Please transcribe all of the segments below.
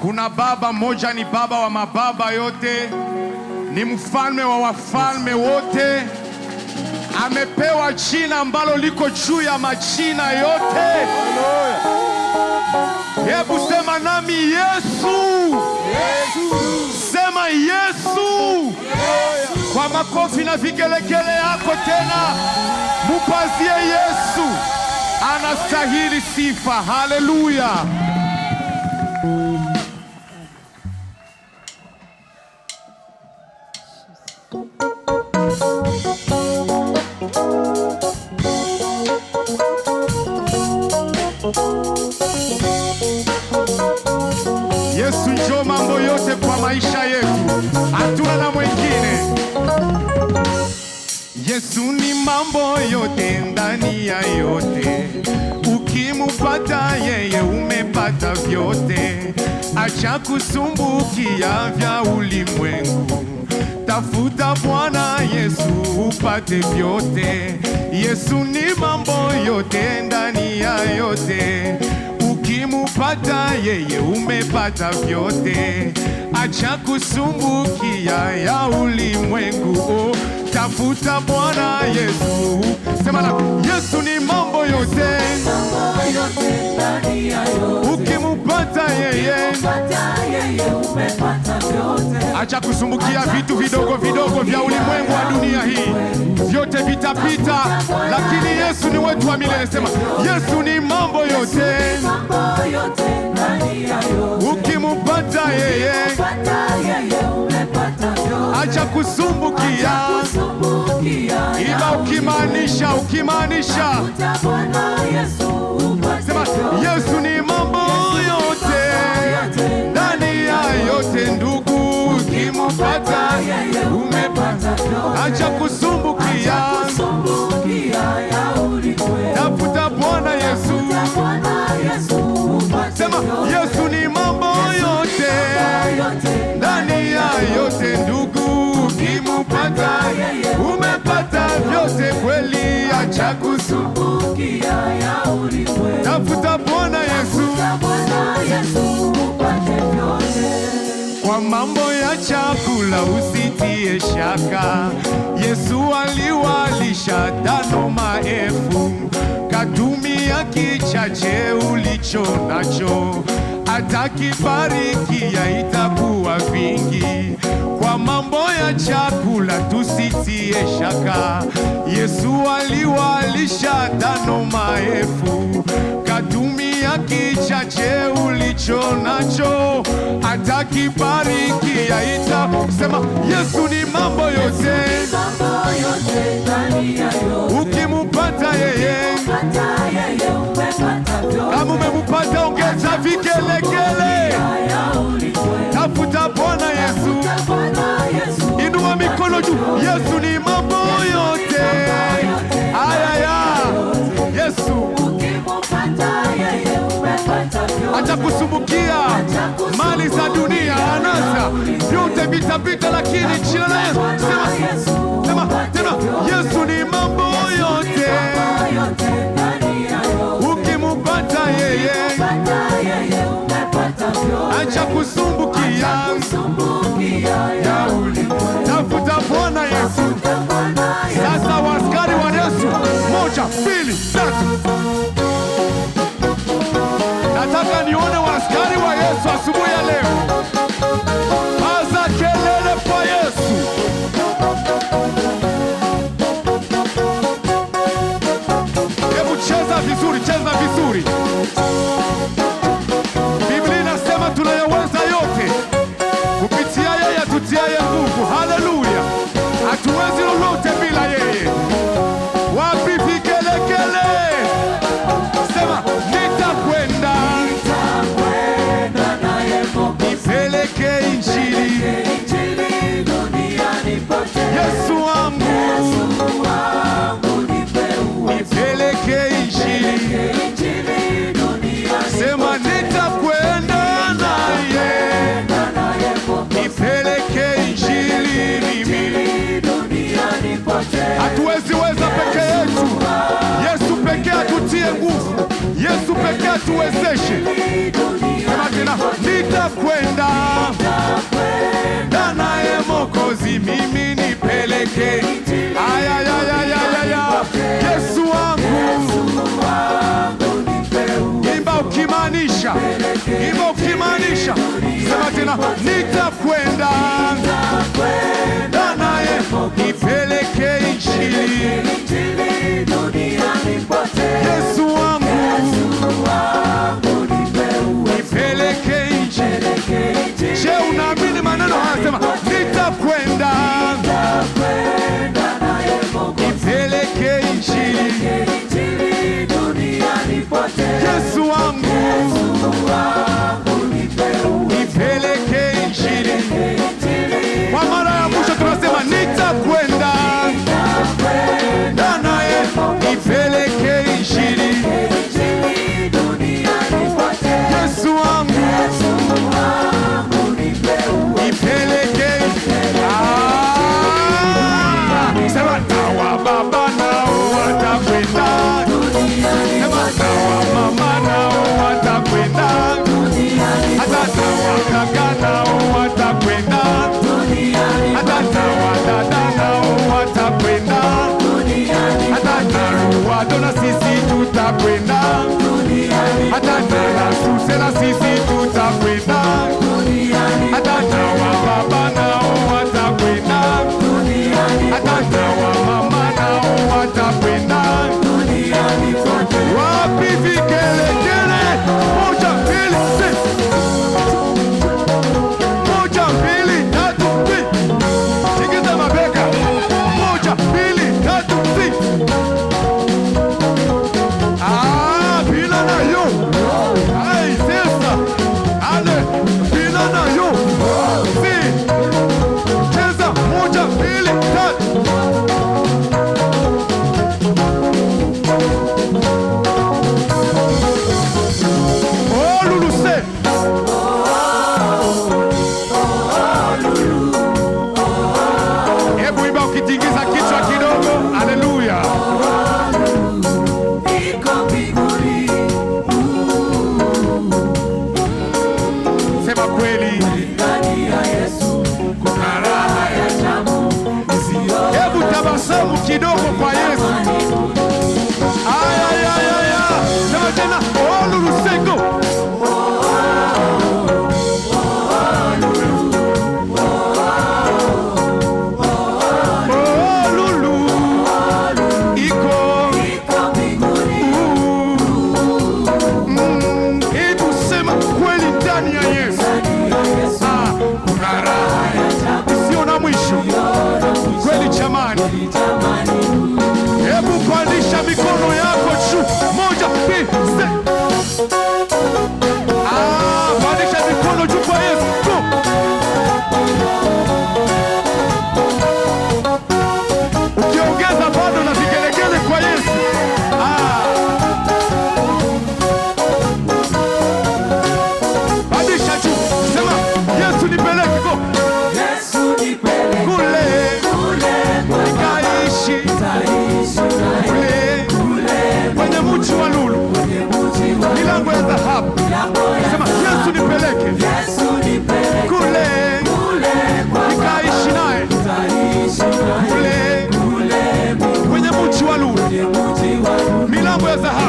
Kuna baba mmoja, ni baba wa mababa yote, ni mfalme wa wafalme wote, amepewa jina ambalo liko juu ya majina yote. Hebu sema nami, Yesu, Yesu. Sema Yesu, Yesu, kwa makofi na vigelegele yako tena, mupazie Yesu, anastahili sifa. Haleluya. yote, acha kusumbukia vya ulimwengu, tafuta Bwana Yesu upate vyote. Yesu ni mambo yote ndani ya yote, ukimupata yeye umepata vyote. Acha kusumbukia ya ulimwengu, oh, tafuta Bwana Yesu. Sema na Yesu ni mambo yote, mambo yote ndani ya yote Acha kusumbukia vitu vidogo vidogo vya ulimwengu wa dunia hii, vyote vitapita, lakini Yesu ni wetu wa milele. Sema Yesu ni mambo yote. Ukimpata yeye, acha kusumbukia, iba, ukimaanisha, ukimaanisha, sema Yesu ni mambo acha kusumbukia, tafuta Bwana Yesu, sema Yesu ni mambo yote, ndani ya yote ndugu, kimupata umepata vyote kweli, acha kusumbukia, tafuta Bwana Yesu kwa mambo ya chakula usi watie shaka. Yesu aliwalisha tano maelfu, katumia kichache ulicho nacho, atakibarikia itakuwa vingi. Kwa mambo ya chakula tusitie shaka. Yesu aliwalisha tano maelfu, katumia kichache ulicho nacho, atakibariki ukiyaita sema Yesu ni mambo yote, ukimpata yeye kama umempata, ongeza vigelegele, tafuta Bwana Yesu, inua mikono juu, Yesu ni mambo yote. atakusumbukia mali za dunia, anasa vyote vitapita, lakini jina la Yesu. Sema, sema tena, Yesu ni mambo yote, ukimpata yeye acha kusumbukia Tafuta Bwana Yesu sasa, waskari wa Yesu, moja, mbili, tatu mpaka nione waaskari wa Yesu asubuhi ya leo. tutie nguvu. Yesu pekee tuwezeshe. Sema tena, nitakwenda na naye mokozi mimi nipeleke. Yesu wangu, imba ukimaanisha, imba ukimaanisha. Sema tena, nitakwenda kwenda hata tena tusela sisi i ya dhahabu.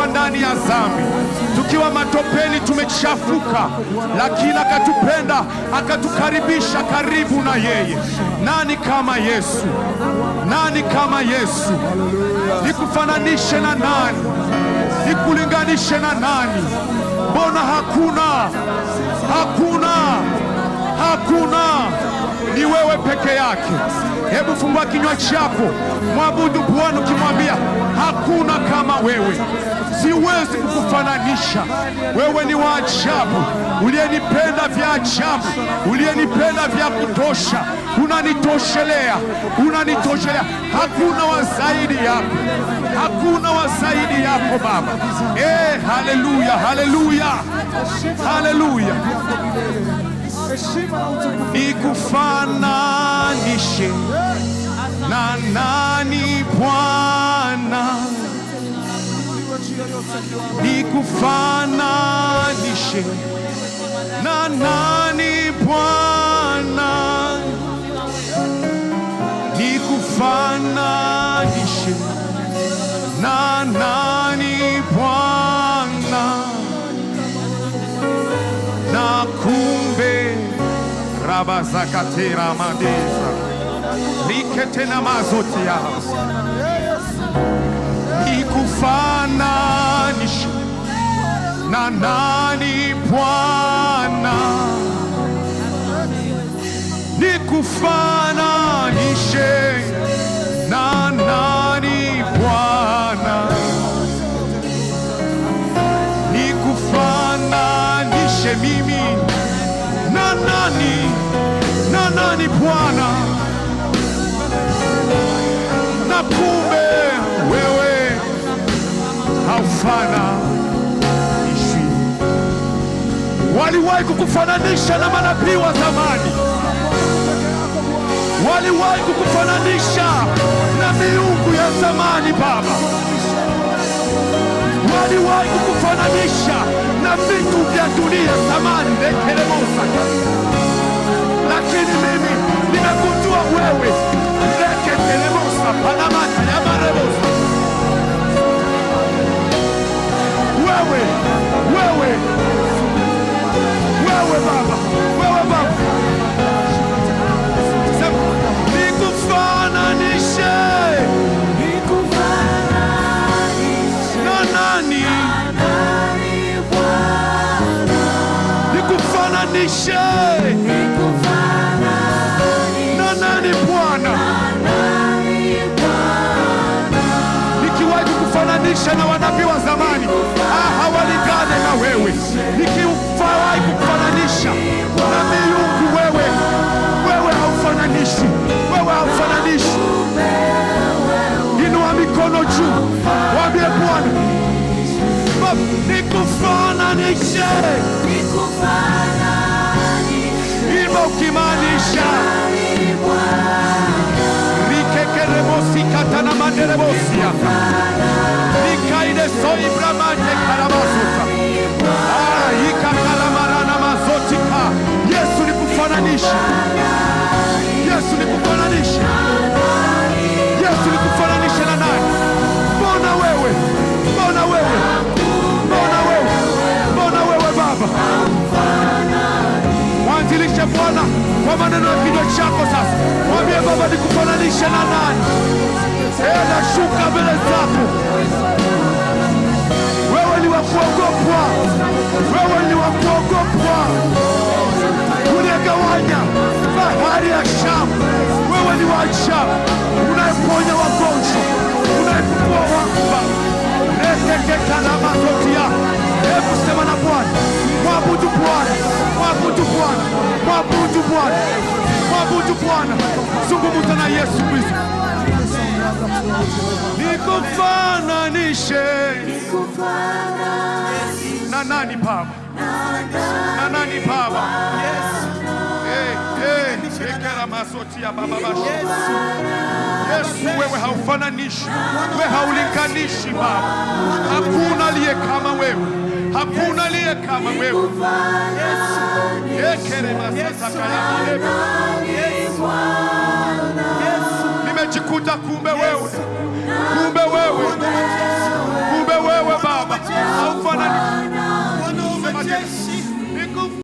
tukiwa ndani ya dhambi, tukiwa matopeni, tumechafuka, lakini akatupenda akatukaribisha karibu na yeye. Nani kama Yesu? Nani kama Yesu? Nikufananishe na nani? Nikulinganishe na nani? Mbona hakuna, hakuna hakuna, ni wewe peke yake. Hebu fungua kinywa chako, mwabudu Bwana ukimwambia hakuna kama wewe, siwezi kukufananisha wewe. Ni wa ajabu, uliyenipenda vya ajabu, uliyenipenda vya kutosha, unanitoshelea, unanitoshelea. Hakuna wa zaidi yako, hakuna wa zaidi yako Baba. Eh, haleluya, haleluya, haleluya nikufananishe na nani Bwana, nikufananishe na nani Bwana, nikufananishe na nani rabazakatira madisa riketena mazotia ikufananisha na nani Bwana? Nikufananishe na Bwana, na kumbe wewe haufana ishi. Waliwahi kukufananisha na manabii wa zamani, waliwahi kukufananisha na miungu ya zamani Baba, waliwahi kukufananisha na vitu vya dunia zamani lekelemosaka lakini mimi nimekujua wewe reketelemosa panamatayamaremosa wewe wewe wewe Baba, wewe Baba, nikufananishe na Kerebosia Mikaide Soibra Mande Karabasuka ah, Ika Kalamarana Mazotika Yesu nikufananisha Yesu nikufananisha Yesu nikufananisha na nani? Mbona wewe mbona wewe mbona wewe mbona wewe Baba mwanzilishe Bwana kwa maneno ya kinywa chako sasa mwambie Baba nikufananishe na nani? Nashuka mbele zako, wewe ni wa kuogopwa, wewe ni wa kuogopwa, unayegawanya bahari ya Shamu, wewe ni wa ajabu, unayeponya wagonjwa, unayefufua wafu. eseketalamasotia hebu sema na Bwana, mwabudu Bwana, mwabudu Bwana, mwabudu Bwana, mwabudu Bwana, zungumza na Yesu Kristo nikufananishe na nani Baba, na nani Baba? ekera masoti ya baba basho Yesu, wewe haufananishi, wewe haulinganishi Baba, hakuna aliye kama wewe hakuna aliye kama wewe Yesu, ekere masata kaya amejikuta kumbe wewe, kumbe wewe, kumbe wewe Baba, haufanani